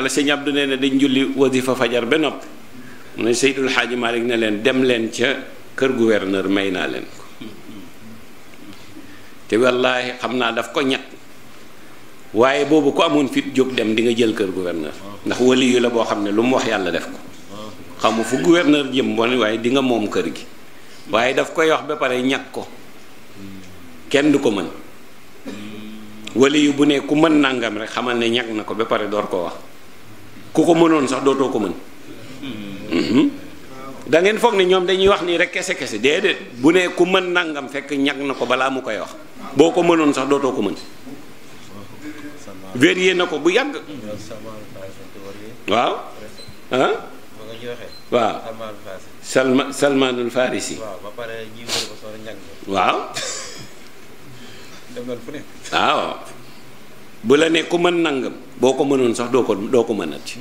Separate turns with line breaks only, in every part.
farata la sëñ Abdu nee na dañ julli wasifa fajar ba nopp mu ne Seydul Xaaji Malik ne leen dem leen ca kër gouverneur may naa leen ko te wallaahi xam naa daf ko ñett waaye boobu ku amoon fit jóg dem di nga jël kër gouverneur ndax wali la boo xam ne lu mu wax yàlla def ko xamu fu gouverneur jëm bon waaye di nga moom kër gi waaye daf koy wax ba pare ñàkk ko kenn du ko mën wali bu ne ku mën nangam rek xamal ne ñàkk na ko ba pare door koo wax ku ko mënoon sax dootoo ko mën mhm. da ngeen foog ne ñoom dañuy wax nii rek kese kese déedéet bu ne ku mën nangam fekk ñag na ko balaa mu koy wax boo ko mënoon sax dootoo ko mën vérifié na ko bu yàgg waaw ah waaw bu la ne ku mën nangam boo ko mënoon sax doo ko doo ko mënati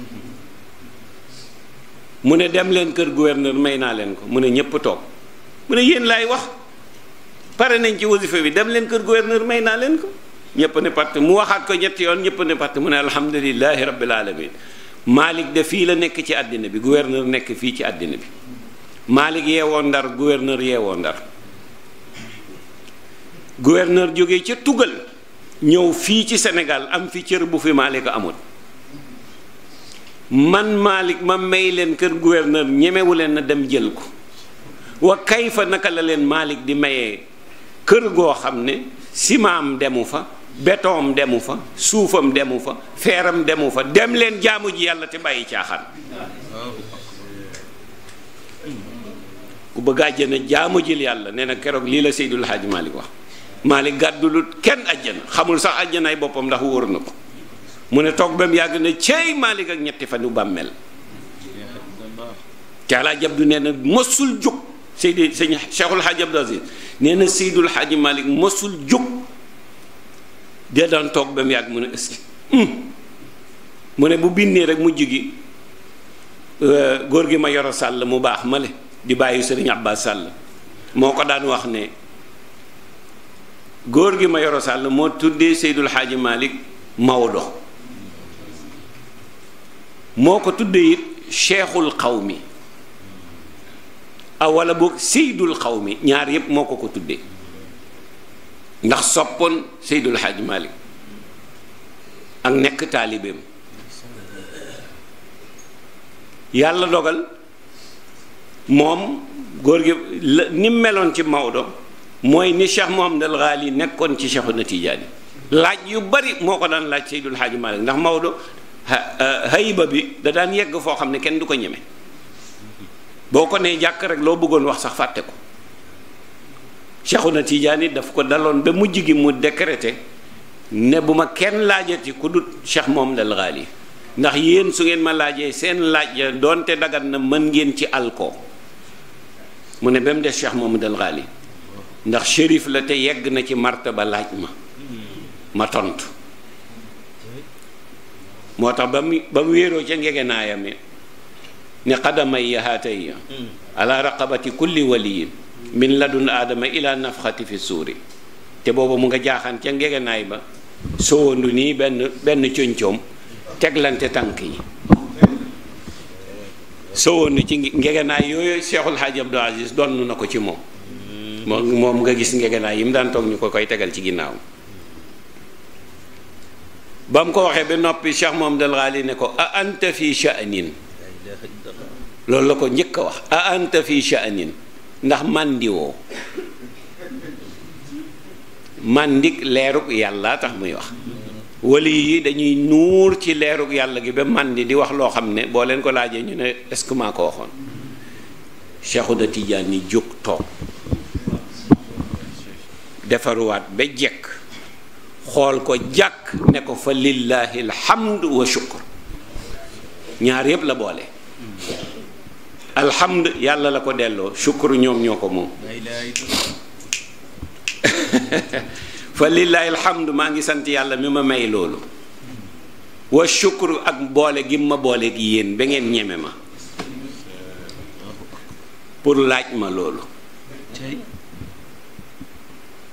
mu ne dem leen kër gouverneur may naa leen ko mu ne ñëpp toog mu ne laay wax pare nañ ci wasifa bi dem leen kër gouverneur may naa leen ko ñëpp ne patt mu waxaat ko ñetti yoon ñëpp ne patt mu ne alhamdulilahi rabbil alamin Malick de fii la nekk ci àddina bi gouverneur nekk fii ci àddina bi yee woon ndar yee woon ndar gouverneur jóge ca tugal ñëw fii ci senegal am fi cër bu fi Malick amoon man Malick ma may leen kër gouverneur ñemewu leen dem jël ko wa kay fa naka la leen Malick di mayee kër goo xam ne simaam demu fa bétoom demu fa suufam demu fa feeram demu fa dem leen jaamu ji yàlla te bàyyi caaxaan ku bëgg àjjana jaamu jil yàlla nee na keroog lii la Seydul Haaji Malick wax Malick gàddulut kenn àjjana xamul sax àjjanaay boppam ndax wóor na ko mu ne toog ba yàgg ne céy Malick ak ñetti fanu bàmmeel te Alaaji Abdu nee mësul jóg Seydi sëñ Cheikhul Hadj Abdou Aziz nee na Seydul Hadj Malick mësul jóg dee daan toog ba mu yàgg mu ne est mu ne bu bindee rek mujj gi euh, góor gi ma yoro sàll mu baax ma le di bàyyi sëriñ Abbas Sàll moo ko daan wax ne góor gi ma yoro sàll moo tuddee Seydul Xaaji Malik Maodo moo ko tuddee it xaw mi aw wala boog Seydul xawmi ñaar yépp moo ko ko tuddee ndax soppoon Seydul Xaaji Malik ak nekk taalibeem yàlla dogal moom góor gi ni meloon ci Maodo mooy ni Cheikh Mohamed al Ghali nekkoon ci na Tijaani laaj yu bari moo ko daan laaj Seydul Haaji Malik ndax Maodo hayba bi da daan yegg foo xam ne kenn du ko ñeme boo ko nee jàkk rek loo bëggoon wax sax fàtte ko Cheikhuna Tijaani daf ko daloon ba mujj gi mu décrété ne bu ma kenn laajati ku dut Cheikh moom al Ghali ndax yéen su ngeen ma laajee seen laaj ya doonte dagat na mën ngeen ci alko mu ne ba mu des Cheikh Mohamed al Ghali ndax shérif la te yegg na ci martaba laaj ma ma tontu moo tax ba mu ba mu wéeroo ca ngegenaayam ya ne xadamay yahaatay ya ala raqabati kulli waliyin min ladun aadama ila nafxati fi suuri te booba mu nga jaaxaan ca ngegenaay ba sowandu nii benn benn coñcoom teglante tànk yi sowandu ci ngegenaay yooyu Cheikhul Hadj Abdou Aziz donn na ko ci moom moom moom nga gis ngegenaay yi mu daan toog ñu ko koy tegal ci ginnaaw ba mu ko waxee ba noppi Cheikh Mohammadul Ghali ne ko a anta fi sha'nin loolu la ko njëkk a wax a anta fi sha'nin ndax màndiwoo màndik leerug yàlla tax muy wax wali yi dañuy nuur ci leerug yàlla gi ba màndi di wax loo xam ne boo leen ko laajee ñu ne est-ce que maa ko waxoon Cheikhu da tiijaan ni jóg toog defaruwaat ba jekk xool ko jàkk ne ko fa lillahi alhamd wa shukr ñaar yépp la boole alhamd yàlla la ko delloo shukr ñoom ñoo ko moom fa lillahi alhamd maa ngi sant yàlla mi ma may loolu wa shukr ak boole gi ma boole gi yéen ba ngeen ñeme ma pour laaj ma loolu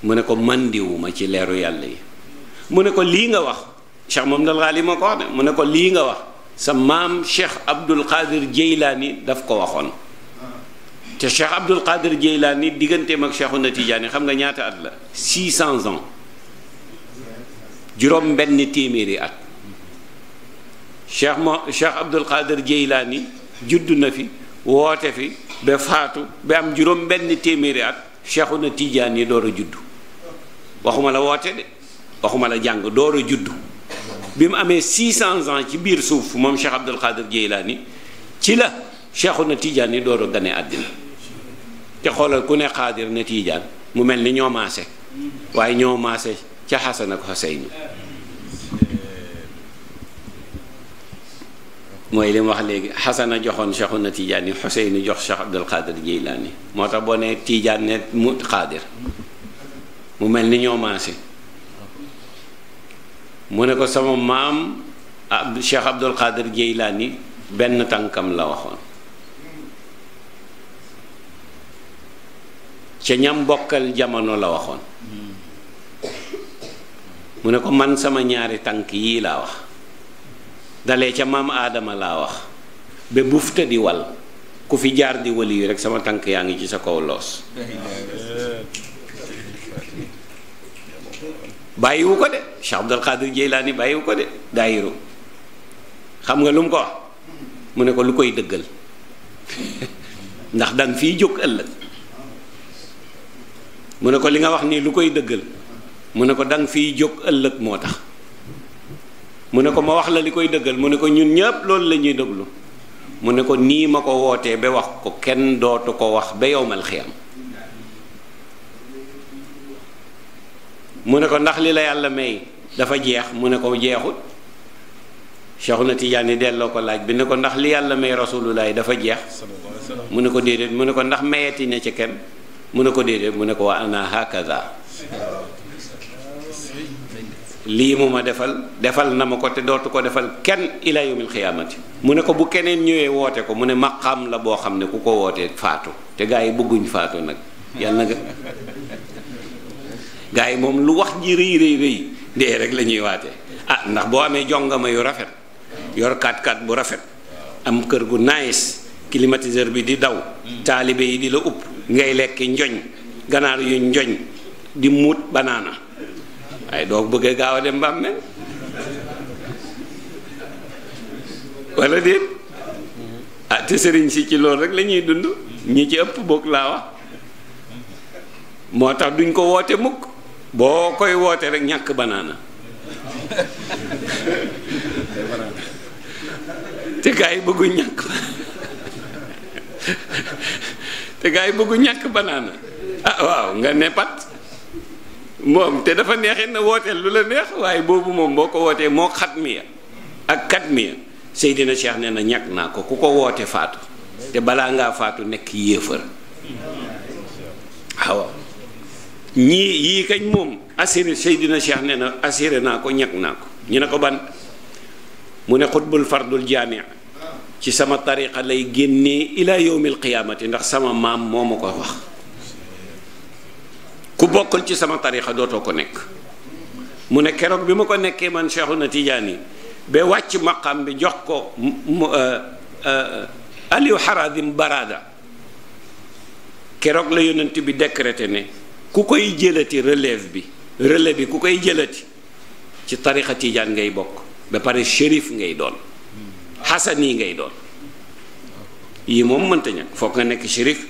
mu ne ko màndiwuma ci leeru yàlla yi mu ne ko lii nga wax cheikh Mamadul Xaali ma ko wax de mu ne ko lii nga wax sa maam cheikh Abdul Qadir Jeylaani daf ko waxoon te cheikh Abdul Qadir Jeylaani digganteem ak Cheikhuna Tijaani xam nga ñaata at la 600 ans juróom benn téeméeri at cheikh mo cheikh Abdul Qadir Jeylaani judd na fi woote fi ba faatu ba am juróom benn téeméeri at Cheikhuna Tijaani door a judd waxuma la woote de waxuma la jàng door juddu bi mu amee 600 ans ci biir suuf moom Cheikh Abdul Qadir Jeylaani ci la na Tidiane yi door a gane àddina te xoolal ku ne Qadir ne tiijaan mu mel ni ñoo maase waaye ñoo maase ca Xasan ak Xuseynu mooy li mu wax léegi xasana joxoon na cheikhuna tijaani xuseyni jox cheikh abdul qadir jeylaani moo tax boo ne tijaan ne mu xaadir mu mel ni ñoo mu ne ko sama maam ab ah, Cheikh Abdul Qadir Jeylaani benn tànkam la waxoon ca ñam bokkal jamono la waxoon mu ne ko man sama ñaari tànk yii laa wax dalee ca maam aadama laa wax ba bufta di wal ku fi jaar di wali rek sama tànk yaa ngi ci sa kaw loos bàyyiwu ko de Cheikh Abdul laa ni bàyyiwu ko de daayiru xam nga lu mu ko wax mu ne ko lu koy dëggal ndax danga fii jóg ëllëg mu ne ko li nga wax nii lu koy dëggal mu ne ko danga fii jóg ëllëg moo tax mu ne ko ma wax la li koy dëggal mu ne ko ñun ñëpp loolu lañuy ñuy déglu mu ne ko nii ma ko wootee ba wax ko kenn dootu ko wax ba yowmal xiyam mu ne ko ndax li la yàlla may dafa jeex mu ne ko jeexut Cheikh na Tijaani delloo ko laaj bi ne ko ndax li yàlla may rasulullaay dafa jeex mu ne ko déedéet mu ne ko ndax mayeti na ci kenn mu ne ko déedéet mu ne ko waa ana hakaza lii mu ma defal defal na ma ko te dootu ko defal kenn ila yawmil xiyaamati mu ne ko bu keneen ñëwee woote ko mu ne maqaam la boo xam ne ku ko wootee faatu te gaa yi bëgguñ faatu nag yàlla na nga gars yi moom lu wax ji rëy rëy rëy dee rek lañuy waate waatee ah, ndax boo amee jongama yu rafet yor kaat kaat bu rafet am kër gu nice climatiseur bi di daw taalibe yi di la upp ngay lekk njoñ ganaar yu njoñ di muut banaana waaye doo bëggee gaaw a dem bàmmeel wala déet ah te sëriñ si ci loolu rek lañuy dund ñi ci ëpp boog laa wax moo tax duñ ko woote mukk boo koy woote rek ñàkk banaana te gaa yi bëggu ñàkk te banaana ah waaw nga ne pat moom te dafa neexee na wooteel lu la neex waaye boobu moom boo ko wootee moo xat miya ak kat miya Seydina Cheikh nee na ñàkk naa ko ku ko woote faatu te balaa ngaa faatu nekk yéefar ah, waaw ñii yii kañ moom assuré Seydina Cheikh nee na assuré naa ko ñag naa ko ñu ne ko ban mu ne xutbul fardul jaami ci sama tariqa lay génnee ila yowmil ndax sama maam moo ko ku bokkul ci sama tariqa dootoo ko nekk mu ne keroog bi ma ko nekkee man Cheikhuna Tijaani ba wàcc maqam jox ko euh, euh, Aliou Haradim Barada keroog la yonent bi décrété ne ku koy jëlati relève bi relève bi ku koy jëlati ci tarixa tiijaan ngay bokk ba pare shérif ngay doon xasan ngay doon yii moom mënta ñàkk foog nga nekk shérif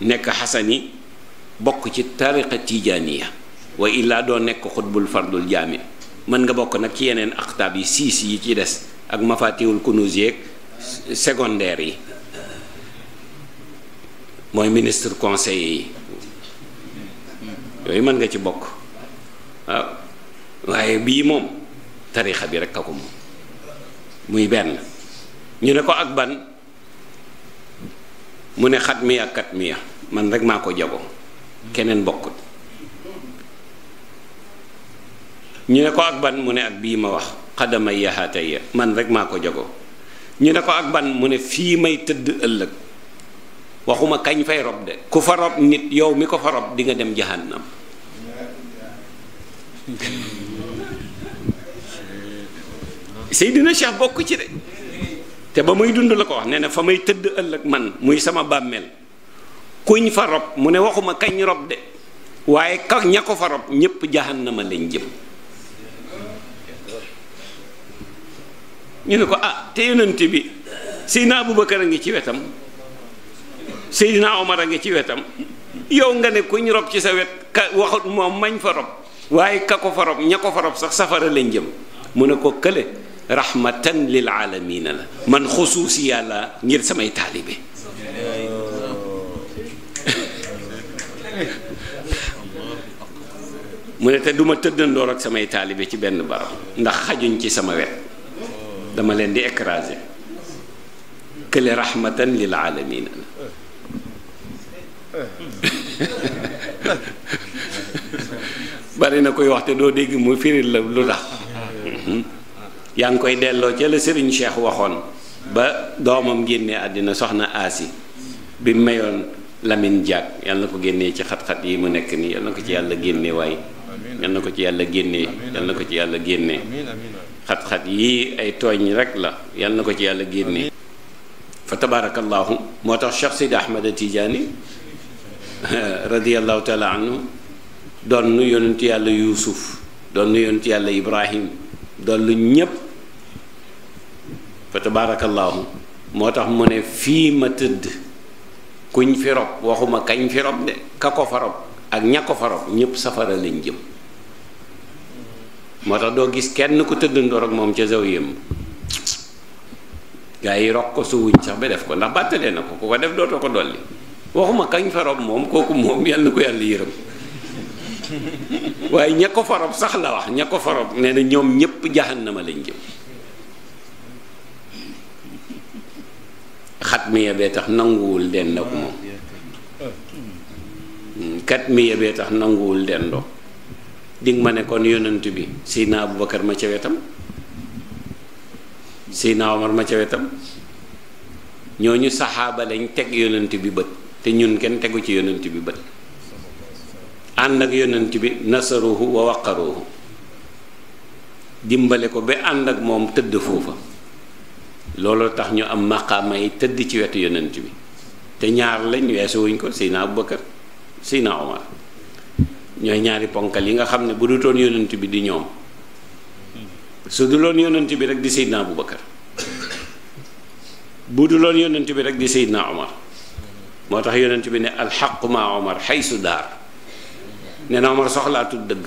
nekk xasan bokk ci tarixa tiijaaniya wa illaa doo nekk xutbul fardul jaami mën nga bokk nag ci yeneen aqtaab yi siis yi ci des ak mafaatiwul kunuus yeeg secondaire yi mooy ministre conseiller yi yooyu mën nga ci bokk waaw waaye bii moom tariixa bi rek a moom muy benn ñu ne ko ak ban mu ne xat miya kat mi man rek maa ko jago keneen bokkut ñu ne ko ak ban mu ne bii ma wax xadama yaxaataya man rek maa ko jago ñu ne ko ak ban mu ne fii may tëdd ëllëg waxuma kañ fay rob de ku fa rob nit yow mi ko fa rob di nga dem jahannam Seydina Cheikh bokk ci de te ba muy dund la ko wax ne ne fa may tëdd ëllëg man muy sama bàmmeel kuñ fa rob mu ne waxuma kañ rob de waaye ka ña ko fa rob ñépp jahannama lañ jëm ñu ne ko ah te yonent bi Seydina Abubakar a ngi ci wetam Seydina Omar a ngi ci wetam yow nga ne kuñ rob ci sa wet ka waxut moom mañ fa rob waaye ka ko fa rob ña ko fa rob sax safara lañ jëm mu ne ko kële rahmatan lil aalamiina la man xusuusi yàlla ngir samay taalibe mu ne te duma tëddandoor samay taalibe ci benn barab ndax xajuñ ci sama wet dama leen di écraser kële rahmatan lil aalamiina la bari na koy wax te doo dégg mu firil la lu tax yaa ngi koy delloo ca la sëriñ Cheikh waxoon ba doomam génne àddina soxna aasi bi mayoon lamin Diack yal na ko génnee ci xat-xat yi mu nekk nii yal na ko ci yàlla génne waaye yal na ko ci yàlla génnee yal na ko ci yàlla génnee xat-xat yi ay tooñ rek la yal na ko ci yàlla génnee fa tabaarakallaahu moo tax Cheikh Sidi Ahmed Tidiane radiallahu taala anhu doon nu yonent yàlla yuusuf doon nu yonent yàlla ibrahim doon lu ñépp fa tabaarakallaahu moo tax mu ne fii ma tëdd kuñ fi rob waxuma kañ fi rob de ka ko fa rob ak ña ko fa rob ñépp safara lañ jëm moo tax doo gis kenn ku tëdd ndoor moom ca zawiyam gaa yi rog ko suwuñ sax ba def ko ndax bàttalee na ko ku ko def dootoo ko dolli waxuma kañ fa rob moom kooku moom yal ko yàlla yërëm waaye ña ko fa rob sax la wax ña ko fa rob nee na ñoom ñépp jahannama lañ jëm xat mi yebee tax nanguwul dendook moom hmm, kat tax nanguwul dendoo dinga ma ne kon yonent bi Seydina Abubakar ma ca wetam Seydina Omar ma ca wetam ñooñu saxaaba lañ teg yonent bi bët te ñun kenn tegu ci yonent bi bët ànd ak yonent bi nasaruhu wa waqaruhu dimbale ko ba ànd ak moom tëdd foofa looloo tax ñu am maqaama yi tëdd ci wetu yonent bi te ñaar lañ weesu wuñ ko Seydina Abubakar Seydina Omar ñooy ñaari ponkal yi nga xam ne bu du toon yonent bi di ñoom su du loon yonent bi rek di Seydina Abubakar bu du loon yonent bi rek di Seydina Omar moo tax yonent bi ne alxaqu maa omar xaysu daar nee na omar soxlaatul dëgg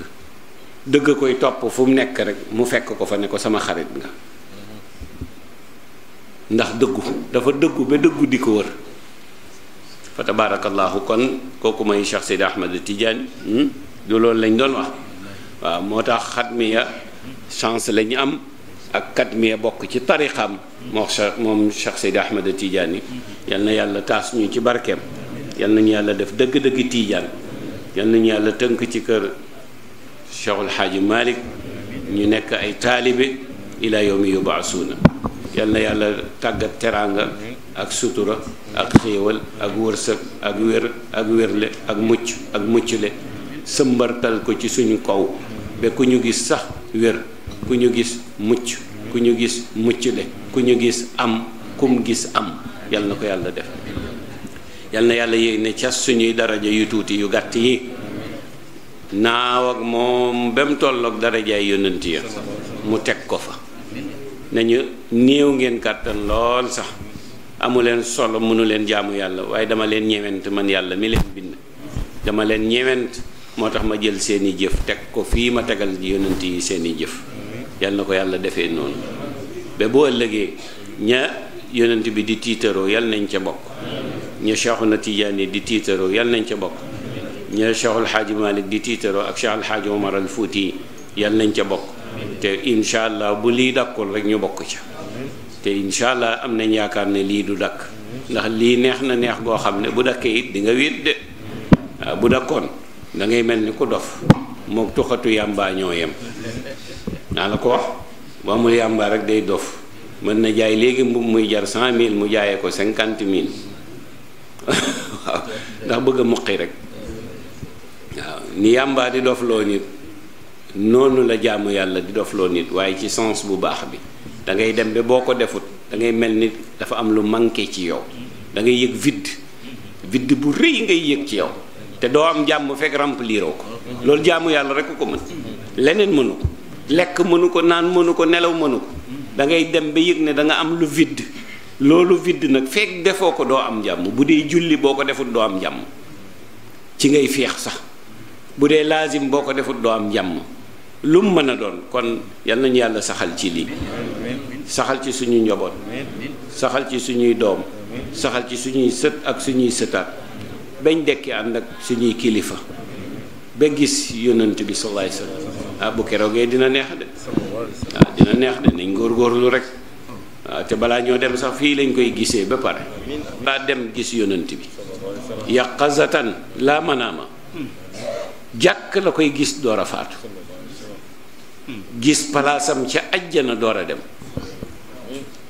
dëgg koy topp fu mu nekk rek mu fekk ko fa ne ko sama xarit nga ndax dëggu dafa dëggu ba dëggu di ko wër fa tabaarakallaahu kon kooku may Cheikh Seydi Ahmad Tidiane hmm? du loolu lañ doon wax waaw moo tax xatmiya chance lañu am ak xatmiya bokk ci tarixam moo moom Cheikh Seydi Ahmad Tidiane yal na yàlla taas ñu ci barkeem yal ñu yàlla def dëgg-dëgg tiijaan yal nañu yàlla tënk ci kër Cheikhul Xaaji Malik ñu nekk ay taalibe ila yawmi yubaasuuna yal na yàlla tàggat teraanga ak sutura ak xéewal ak wërsëg ak wér ak wérle ak mucc ak muccle sëmbartal ko ci suñu kaw ba ku ñu gis sax wér ku ñu gis mucc ku ñu gis muccle ku ñu gis am kum gis am yal na ko yàlla def yal na yàlla yéeg ne ca suñuy daraja yu tuuti yu gàtt yi naaw ak moom ba mu tolloog darajaay yonent ya mu teg ko fa nañu néew ngeen kàttan lool sax amu leen solo mënu leen jaamu yàlla waaye dama leen ñewent man yàlla mi leen bind dama leen ñewent moo tax ma jël seeni jëf teg ko fii ma tegal yonent yi seeni jëf yal ko yàlla defee noonu ba bu ëllëgee ña yonent bi di tiitaroo yal nañ ca bokk ña tiijaan yi di tiitaroo yal nañ ca bokk ña Cheikhul Xaaji Malik di tiitaroo ak Cheikh Alxaaji Omar al Fuuti yal nañ ca bokk te incha allah bu lii dakkul rek ñu bokk ca te incha am nañ yaakaar ne lii du dakk ndax lii neex na neex goo xam ne bu dakkee di nga wéet ah, bu dakkoon dangay mel ni ku dof mook tuxatu yàmbaa ñoo yem naa la ko wax bu amul yàmbaa rek day dof mën na jaay léegi mbubb muy jar cent mille mu jaayee ko cinquante mille waaw ndax bëgg a muqi rek waaw ni yàmbaa di dof nit noonu la jaamu yàlla di dofloo nit waaye ci sens bu baax bi dangay dem ba boo ko defut da ngay mel nit dafa am lu manqué ci yow dangay ngay yëg vide vide bu rëy ngay yëg ci yow te doo am jàmm fekk rempliroo ko loolu jàmm yàlla rek ko mën leneen mënu ko lekk mënu ko naan mënu ko nelaw mënu ko da ngay dem ba yëg ne danga am lu vidd loolu vidd nag fekk defoo ko doo am jàmm bu dee julli boo ko defut doo am jàmm ci ngay feex sax bu dee laazim boo ko defut doo am jàmm lu mu mën a doon kon yal nañu yàlla saxal ci lii saxal ci suñu njaboot saxal ci suñuy doom saxal ci suñuy sët ak suñuy sëtaat bañ dekki ànd ak suñuy kilifa ba gis yonent bi sallallahu alayhi wasallam ah bu keroogee dina neex de waaw dina neex de nañ góorgóorlu rek waaw ah, te balaa ñoo dem sax fii lañ koy gisee ba pare laa dem gis yonant bi yaqazatan laa manaama jàkk la koy gis door a faatu gis palaasam ca ajjana door a dem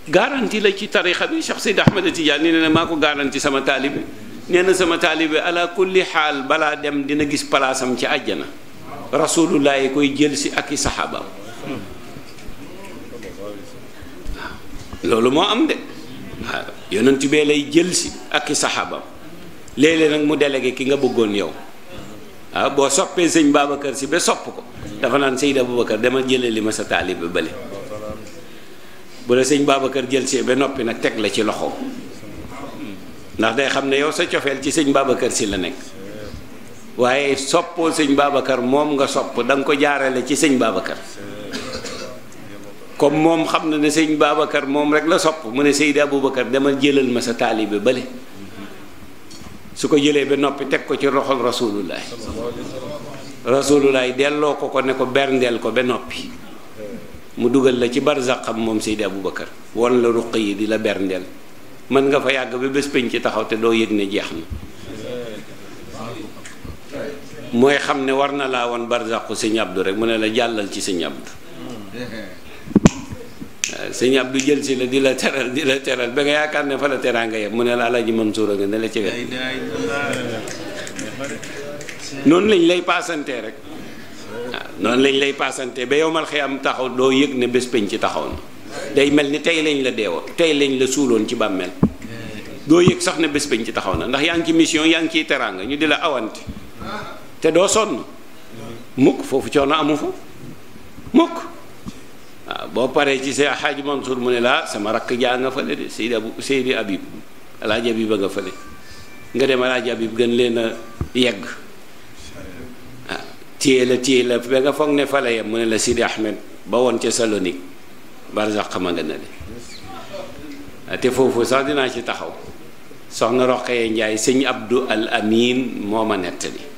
garanti la ci tarixa bi Cheikh Seydi Ahmed Tidiane nee na maa ko garanti sama taalibe nee na sama taalibe ala kulli xaal balaa dem dina gis palaasam ci ajjana rasulullah koy jël si ak i saxaabaam loolu moo am de waaw yonent bee lay jël si ak i saxaabam léeg nag mu délégué ki nga bëggoon yow waaw boo soppee sëñ Babacar si ba sopp ko dafa naan Seyd Aboubacar dama jëlee li ma sa taalibe bële bu la sëñ Babacar jël see ba noppi nag teg la ci loxo ndax day xam ne yow sa cofeel ci sëñ Babacar si la nekk waaye soppoo sëñ baabakër moom nga sopp da nga ko jaarale ci sëñ Babacar. comme moom xam na ne sëñ baabakar moom rek la sopp mu ne Seydi Aboubacar demal jëlal ma sa ba bële su ko jëlee ba noppi teg ko ci roxol rasulullah rasulullah delloo ko ko ne ko berndeel ko ba noppi mu dugal la ci barzaqam moom Seydi Aboubacar won la ruq yi di la berndeel mën nga fa yàgg ba bés peñ ci taxaw te doo yëg ne jeex na mooy xam ne war na laa woon barzaqu sëñ Abdou rek mu ne la jàllal ci sëñ Abdou sëñ Abdou jël si la di la teral di la teral ba nga yaakaar ne fa la teraanga yëpp mu ne la Alaaji Mansuur nga ne la ci wet noonu lañ lay paasante rek noonu lañ lay paasante ba yow mal xiyam taxaw doo yëg ne bés peñ ci taxaw na day mel ni tey lañu la deewoon tey lañ la suuloon ci bàmmeel doo yëg sax ne bés peñ ci taxaw na ndax yaa ngi ci mission yaa ngi ciy teraanga ñu di la awante te doo sonn mukk foofu coono amu fa mukk boo paree ci see xaaj Mansour mu ne laa sama rakk jaa nga fële de Seydi Abu Seydi Habib alaaji Habib a nga fële nga dem alaaji Habib gën leen a yegg ah la téye la ba nga foog ne fale yam mu ne la Sidi Ahmed ba woon ca Salonique barsax ma nga na le ah, te foofu sax dinaa ci taxaw soxna Roqaya Njaay sëñ Abdou Al Amin moo ma nettali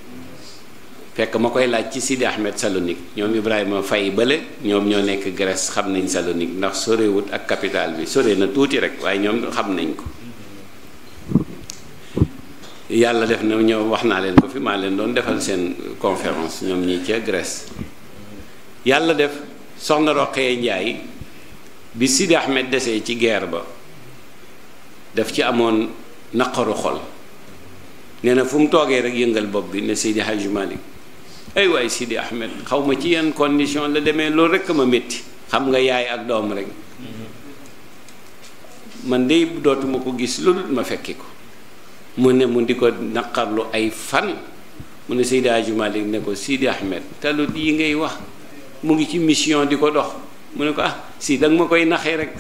fekk ma koy laaj ci Sidi Ahmed Salonique ñoom Ibrahima Faye bële ñoom ñoo nekk Grèce xam nañ Salonique ndax sorewut ak capital bi sore na tuuti rek waaye ñoom xam nañ ko yàlla def na ñoom wax naa leen ko fi maa leen doon defal seen conférence ñoom ñi ca Grèce yàlla def soxna Roqee Njaay bi Sidi Ahmed desee ci guerre ba daf ci amoon naqaru xol nee na fu mu toogee rek yëngal bopp bi ne Seydi Hadj Malick ay waay Sidi Ahmed xaw ma ci yenn condition la demee loolu rek ma métti xam nga yaay ak doom rek mm-hmm. man de dootuma ko gis lu dul ma fekki ko mu ne mu di ko naqarlu ay fan mu ne Seydi Hadji Malick ne ko Sidi Ahmed talut ngay wax mu ngi ci mission di ko dox mu ne ko ah si danga ma koy naxee rek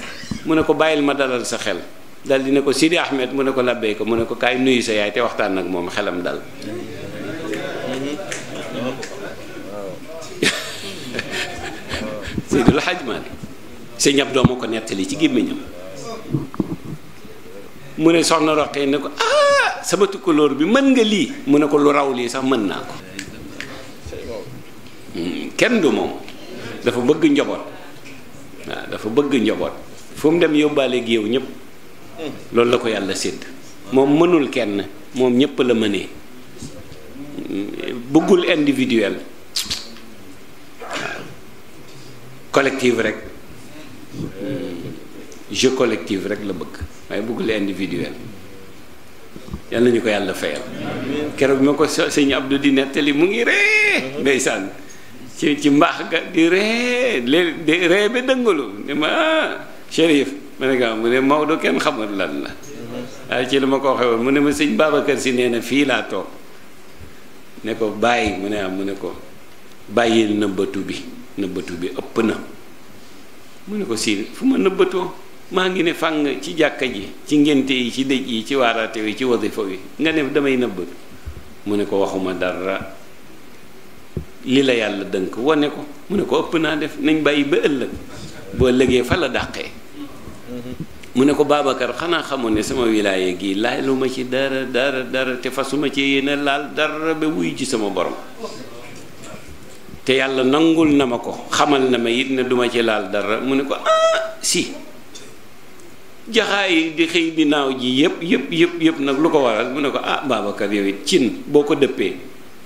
mu ne ko bàyyil ma dalal sa xel dal di ne ko Sidi Ahmed mu ne ko labbee ko mu ne ko kaay nuyu sa yaay te waxtaan nag moom xelam dal Seydil Hadj Malick sëñ Abdou moo ko nettali ci gémmiñam mu ne soxna Roqee ne ko ah sama tukkulóor bi mën nga lii mu ne ko lu raw lii sax mën naa ko hmm, kenn du moom dafa bëgg njaboot waaw dafa bëgg njaboot fu dem yóbbaale géew ñépp loolu la ko yàlla sédd moom mënul kenn moom ñëpp la mënee hmm, bëggul individuel collective rek jeu collectif rek la bëgg waaye bëggul individuel yal nañu ko yàlla fayal keroog ma ko sëñ Abdou di nettali mu ngi ree ndeysaan ci ci mbaax ga di ree di ree ba dëngalu ne ma ah Chérif ma ne ko ah, mu ne Maodo kenn xamul lan la la ma ko waxee woon mu ma sëñ Babacar si nee na fii laa toog ne ko bàyyi mu ne am ah, mu ne ko bàyyil nëbbatu bi nëbbatu bi ëpp na mu ne ko si fu ma nëbbatoo maa ngi ne fànn ci jàkka ji ci ngénte yi ci dëj yi ci waaraate wi ci wasifa wi nga ne damay nëbbatu mu ne ko waxuma dara li la yàlla dënk wane ko mu ne ko ëpp naa def nañ bàyyi ba ëllëg boo lëgee fa la dàqee mu ne ko baabakar xanaa xamoon ne sama wilaaye gii laaluma ci dara dara dara te fasuma ci yéene laal dara ba wuyu ci sama borom te yàlla nangul na ma ko xamal na ma it ne duma ci laal dara mu ne ko ah si jaxaay di xëy di ji yëpp yëpp yëpp yëpp nag lu ko waral mu ne ko ah Babacar yow it cin boo ko dëppee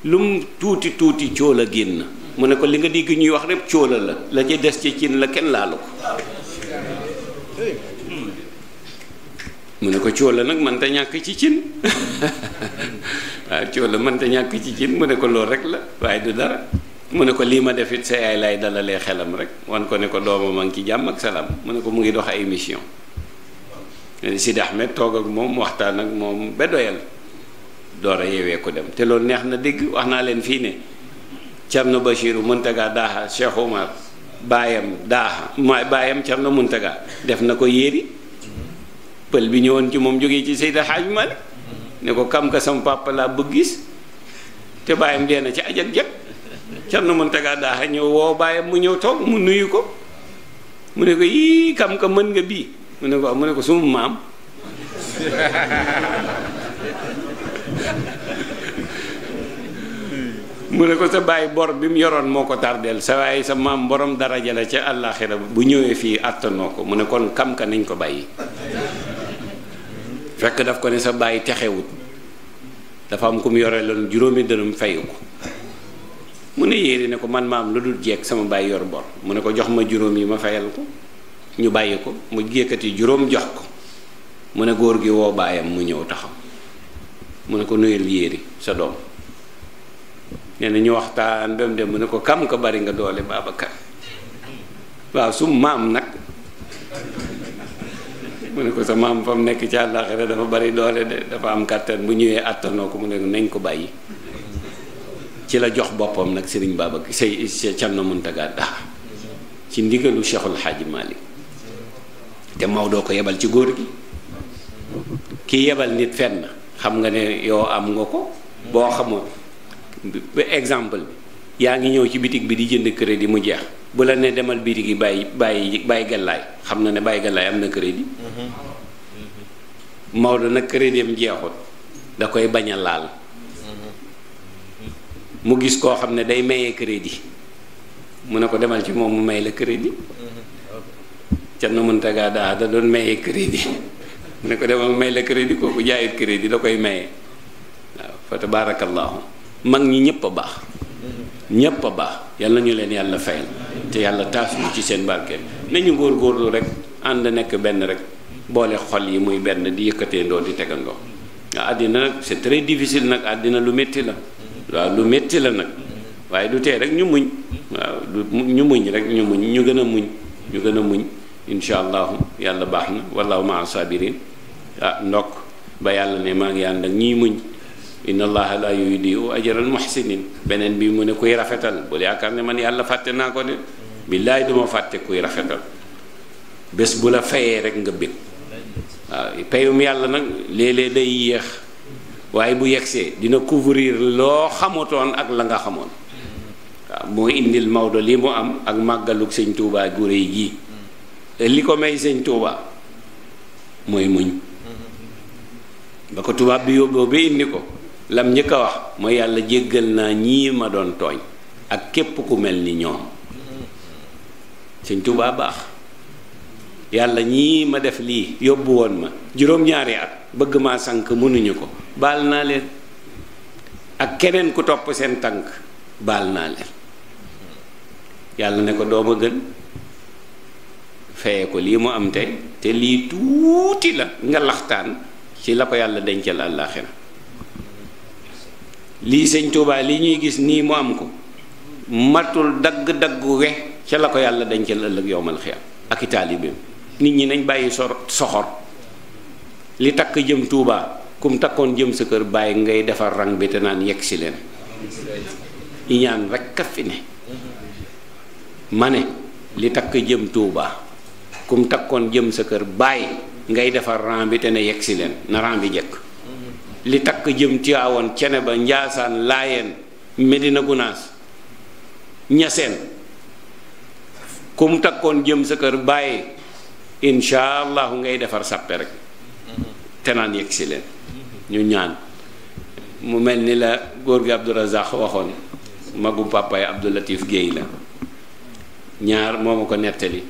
lum tuuti tuuti cóola génn mu ne ko li nga digg ñuy wax rek cóola la la ca des ci cin la kenn laalu ko mu ne ko cóola nag mënta ñàkk ci cin waaw cóola mënta ñàkk ci cin mu ne ko loolu rek la waaye du dara mu ne ko lii ma def it sa yaay laay dalalee xelam rek wan ko ne ko doomam a ngi ci jàmm ak salaam mu ne ko mu ngi dox ay mission Sidi Ahmed toog ak moom waxtaan ak moom ba doyal door a yeewee ko dem te loolu neex na dégg wax naa leen fii ne Thierno Bachir Muntaga Daha Cheikh Oumar baayam Daha ma baayam Thierno Muntaga def na ko yéeri pël bi ñëwoon ci moom jógee ci Seydi Hadj ne ko kam ka sam bëgg gis te baayam dee na ci ajak jak Cerno Muntaga Daaxa ñëw woo baayam mu ñëw toog mu nuyu ko mu ne ko yii kam ka mën nga bii mu ne ko mu ne ko suma maam mu ne ko sa bàyyi bor bi mu yoroon moo ko tardeel sa waaye sa maam borom daraja la ca àllaaxira bu ñëwee fii àttanoo ko mu ne kon kam ka nañ ko bàyyi fekk daf ko ne sa bàyyi texewut dafa am ko mu yore loon juróomi dërëm fayu ko mu ne yéeri ne ko man maam lu dul jeeg sama bàyyi yor bor mu ne ko jox ma juróom yi ma fayal ko ñu bàyyi ko mu gékkati juróom jox ko mu ne góor gi woo baayam mu ñëw taxaw mu ne ko nuyul yéeri sa doom ne na ñu waxtaan ba mu mu ne ko kam ko bari nga doole Babacar waaw su maam nag mu ne ko sa maam fa mu nekk ci àllaaxira dafa bari doole de dafa am kàttan bu ñëwee àttanoo ko mu ne nañ ko bàyyi ci la jox boppam nag sëriñ Serigne Babacar Sey Thierno Mountaga Daha ci ndigalu Cheikhul Hadji Malick te Maodo ko yebal ci góor gi ki yebal nit fet na xam nga ne yow am nga ko boo xamoon exemple bi yaa ngi ñëw ci bitig bi di jënd crédit mu jeex bu la ne demal bitig yi bàyyi bàyyi bàyyi gallaay xam na ne bàyyi gallaay am na crédit mhm. Maodo nag crédit am jeexul da koy bañ a laal. mu gis koo xam ne day maye crédit mu ne ko demal ci moom mu may la crédit Thierno Mountaga daa da doon maye crédit mu ne ko demal mu may la crédit kooku jaayut crédit da koy maye waaw fa tabaarakallaahu mag ñi ñëpp a baax ñëpp a baax yal na ñu leen yàlla fayal te yàlla taas ci seen ñu nañu góorgóorlu rek ànd nekk benn rek boole xol yi muy benn di yëkkatee ndoo di tegandoo waaw àddina nag c'est très difficile nag àddina lu métti la. waaw lu metti la nag waaye du tee rek ñu muñ waaw du ñu muñ rek ñu muñ ñu gën a muñ ñu gën a muñ incha allahu yàlla baax na wallahu maa sabirin ah ndokk ba yàlla ne maa ngi ànd ak ñiy muñ inna allaha la yudiu ajral muhsinin beneen bi mu ne kuy rafetal bul yaakaar ne man yàlla fàtte naa ko de billaay duma fàtte kuy rafetal bés bu la fayee rek nga bég waaw payum yàlla nag léeg-léeg day yéex waaye bu yegsee dina couvrir loo xamutoon ak la nga xamoon waaw moo indil Maodo li mu am ak màggalug sëñ tuubaa gu rëy gii li ko may sëñ Touba mooy muñ ba ko tubaab bi yóbboo ba indi ko lam njëkk a wax mooy yàlla jéggal naa ñii ma doon tooñ ak képp ku mel ni ñoom sëñ Touba baax yàlla ñii ma def lii yóbbu woon ma juróom-ñaari at bëgg maa sànk mënuñu ko baal naa leen ak keneen ku topp seen tànk baal naa leen yàlla ne ko doom a gën feye ko lii mu am tey te lii tuuti la nga ci la ko yàlla dencal àllaaxira lii sëñ Tuubaa li ñuy gis nii mu am ko matul dagg-dagg ca la ko yàlla dencal ëllëg yowmal xiyaam ak i taalibeem nit ñi nañ bàyyi so soxor li takk jëm Touba kum takkoon jëm sa kër bàyyi ngay defar rang bi te naan yegg si leen iñaan rekk a fi ne ma ne li takk jëm Touba kum takkoon jëm sa kër bàyyi ngay defar rang bi te ne yegg si leen na rang bi jekk li takk jëm Tiwaawoon cene ba Njaasaan Laayeen Medina Gunaas Ñaseen kum takkoon jëm sa kër bàyyi incha allahu ngay defar sàppe rek te naan yegg si leen ñu ñaan mu mel ni la góor gi Abdourazaq waxoon magu pàppaay Abdoulatif Géey la ñaar moo ma ko nettali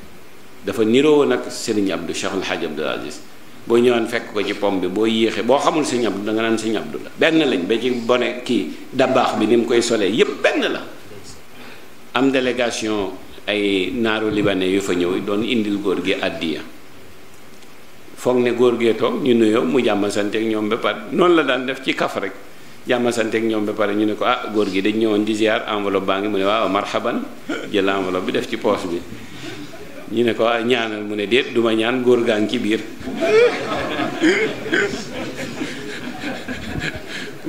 dafa niroo nag Serigne Abdou Cheikh El Hadj Aziz boo ñëwaan fekk ko ci pom bi boo yéexee boo xamul Serigne Abdou da nga naan Serigne Abdou la benn lañ ba ci bone kii dabaax bi ni mu koy solee yépp benn la am délégation ay naaru libanais yu fa ñëw doon indil góor gi àddiya foog ne góor gee toog ñu nuyoo mu jàmmasanteeg ñoom ba pare noonu la daan def ci kaf rek jàmmasanteeg ñoom ba pare ñu ne ko ah, góor gi dañ ñëwoon di ziar enveloppe baa ngi mu ne waaw marhaban jël enveloppe bi def ci poche bi ñu ne ko ah ñaanal mu ne déet duma ñaan góor gaa ngi ci biir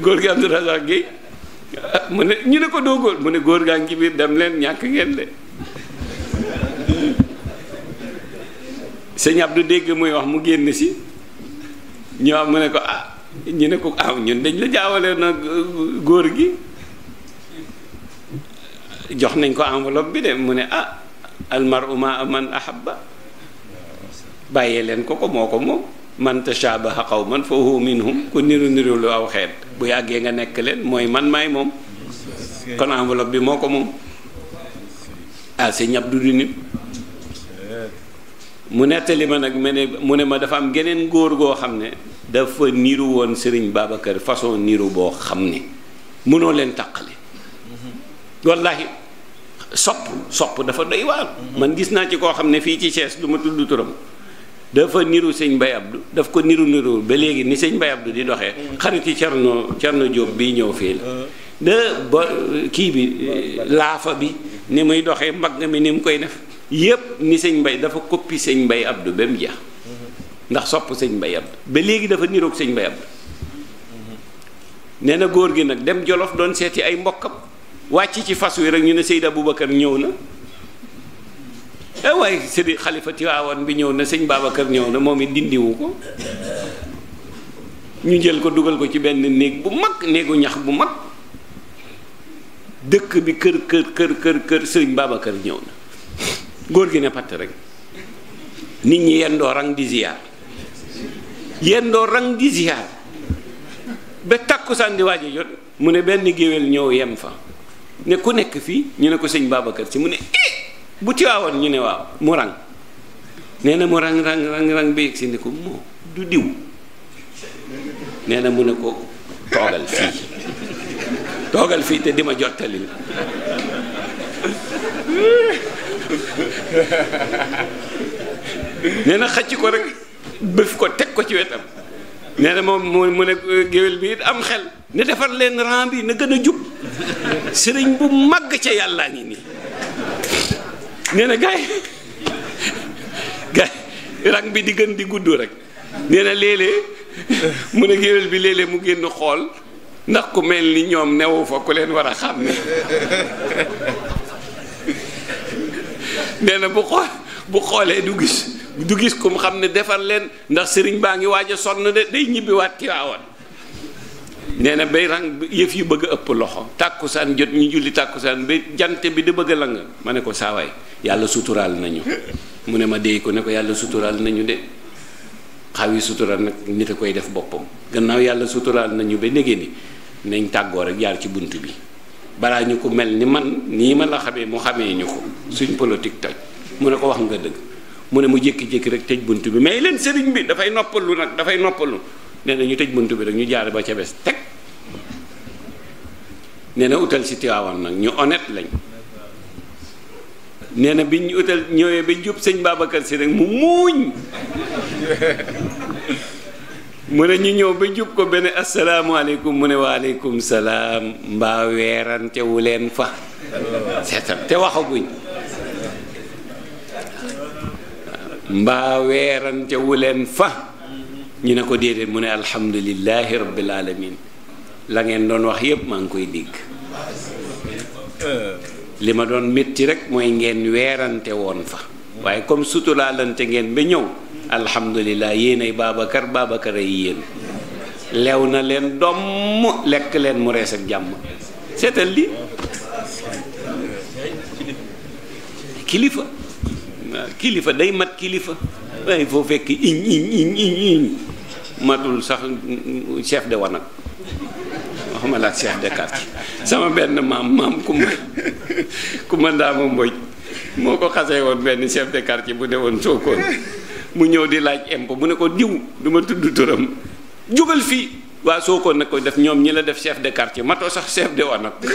góor gi Abdou Razak Guèye mu ne ñu ne ko doo góor mu ne góor gaa ngi ci biir dem leen ñàkk ngeen de sëñ Abdou dégg muy wax mu génn si ñu mu ne ko ah ñu ne ko ah ñun dañ la jaawale na uh, góor gi jox nañ ko enveloppe bi de mu ne ah almaru ma man ahabba bàyyee leen ko ko moo ko moom man foo qawman fa huwa ku niru niru lu aw xeet bu yàggee nga nekk leen mooy man maay moom kon enveloppe bi moo ko moom ah sëñ Abdou du nit mu nettali ma nag mu ne mu ne ma dafa am geneen góor goo xam ne dafa niiru woon sëriñ baaba kër façon niiru boo xam ne mënoo leen tàqale wallahi sopp sopp dafa doy waar man gis naa ci koo xam ne fii ci Thiès du ma tudd turam dafa niru sëñ Baye Abdou daf ko niru niru ba léegi ni sëñ Baye Abdou di doxee xariti Cerno Cerno Jóob bii ñëw fii la de ba kii bi laafa bi ni muy doxee mag nga mi ni mu koy def yépp ni sëñ mbay dafa koppi sëñ mbay abdu ba mu jeex ndax sopp sëñ mbay abdu ba léegi dafa niroog sëñ mbay abdu nee na góor gi nag dem jolof doon seeti ay mbokkam wàcc ci fas wi rek ñu ne Seyd Aboubacar ñëw na eh waaye Xalifa Tiwaawan bi ñëw na sëñ Babacar ñëw na moom it dindiwu ko ñu jël ko dugal ko ci benn néeg bu mag néegu ñax bu mag dëkk bi kër kër kër kër kër sëñ Babacar ñëw na góor gi ne patt rek nit ñi yendoo rang di ziyaar yendoo rang di ziyaar ba tàkkusaan di waaj a jot mu ne benn géwél ñëw yem fa ne ku nekk fii ñu ne ko sëñ Babacar si mu ne bu waawoon ñu ne waaw mu rang nee na mu ràng rang rang rang ba yegg ko moo du diw nee na mu ne ko toogal fii toogal fii te di ma jottali nee na xacc ko rek bëf ko teg ko ci wetam nee na moom mu mu ne géwél bi it am xel ne defar leen ran bi na gën a jub sëriñ bu màgg ca yàllaa ni nii nee na gaay rang bi di gën di gudd rek nee na mu ne géwél bi léeg mu génn xool ndax ku mel ni ñoom newu fa ku leen war a xàmme nee na bu xool bu xoolee du gis du gis ku mu xam ne defar leen ndax sëriñ baa ngi waaj a sonn de day ñibbiwaat Tiwaawan nee na bay rang yëf yu bëgg ëpp loxo tàkkusaan jot ñu julli tàkkusaan ba jant bi di bëgg a ma ne ko saawaay yàlla suturaal nañu mu ne ma dey ko ne ko yàlla suturaal nañu de xaw yi suturaal nag nit a koy def boppam gannaaw yàlla suturaal nañu ba négé ni nañ tàggoo rek jaar ci bunt bi balaa ñu ko mel ni man nii ma la xamee mu xamee ñu ko suñ politique toj mu ne ko wax nga dëgg mu ne mu jékki-jékki rek tëj bunt bi mais leen sëriñ bi dafay noppalu nag dafay noppalu nee na ñu tëj bunt bi rek ñu jaare ba ca teg nee na utal si Tiwaawan nag ñu honnête lañ nee na biñ utal ñëwee ba jub sëñ baabakal si rek mu muuñ mu ne ñu ñëw ba jub ko benn asalaamaaleykum mu ne waaleykum salaam mbaa weerante leen fa seetal te waxaguñ mbaa weerante leen fa ñu ne ko déedéet mu ne alhamdulillahi rabbil alamin la ngeen doon wax yépp maa ngi koy dégg li ma doon metti rek mooy ngeen weerante woon fa waaye comme laa lante ngeen ba ñëw alhamdulilah yéenay Babacar Babacar ay yéen lew na leen doom lekk leen mu rees ak jàmm seetal li kilifa kilifa day mat kilifa waaye foo fekk iñ iñ iñ iñ iñ matul sax chef de wanag waxuma laa chef de quartier sama benn maam maam ku ma ku ma ndaama mboj moo ko xasee woon benn chef de quartier bu ne woon sookoon mu ñëw di laaj impôt mu ne ko diw du ma tudd turam jógal fii waa soo ko ne ko def ñoom ñi la def chef de quartier matoo sax chef de wanag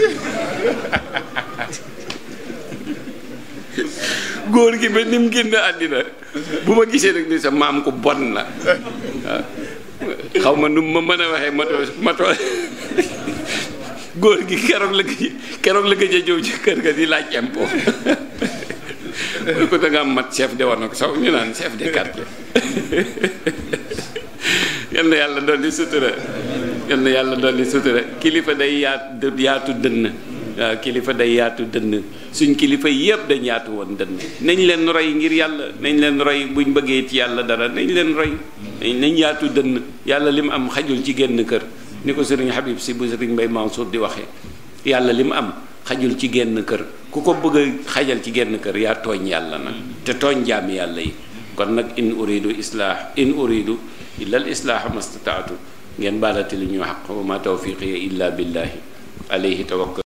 góor gi ba ni mu génn àddina bu ma gisee rek ni sa maam ko bon la xaw ma nu ma mën a waxee matoo matoo góor gi keroog la gëj keroog la gëj a jëw ci kër ga di laaj impôt ko da nga am mat chef de war na ko sax ñu naan chef de quartier yal na yàlla dolli sutura yal na yàlla dolli sutura kilifa day yaatu yaatu dënn kilifa day yaatu dënn suñ kilifa yëpp dañ yaatu woon dënn nañ leen roy ngir yàlla nañ leen roy buñ bëggee ci yàlla dara nañ leen roy nañ yaatu dënn yàlla lim am xajul ci génn kër ni ko sëriñ Habib si bu sëriñ Mbay Mansour di waxee yàlla lim am xajul ci genn kër ku ko bëgg xajal ci genn kër yaa tooñ yàlla na mm-hmm. te tooñ jaami yàlla yi kon nag in uridu islaax in uridu illa al islaaha mastataatu ngeen baalati li ñuy wax wa ma tawfiqi illa billahi alayhi tawakkal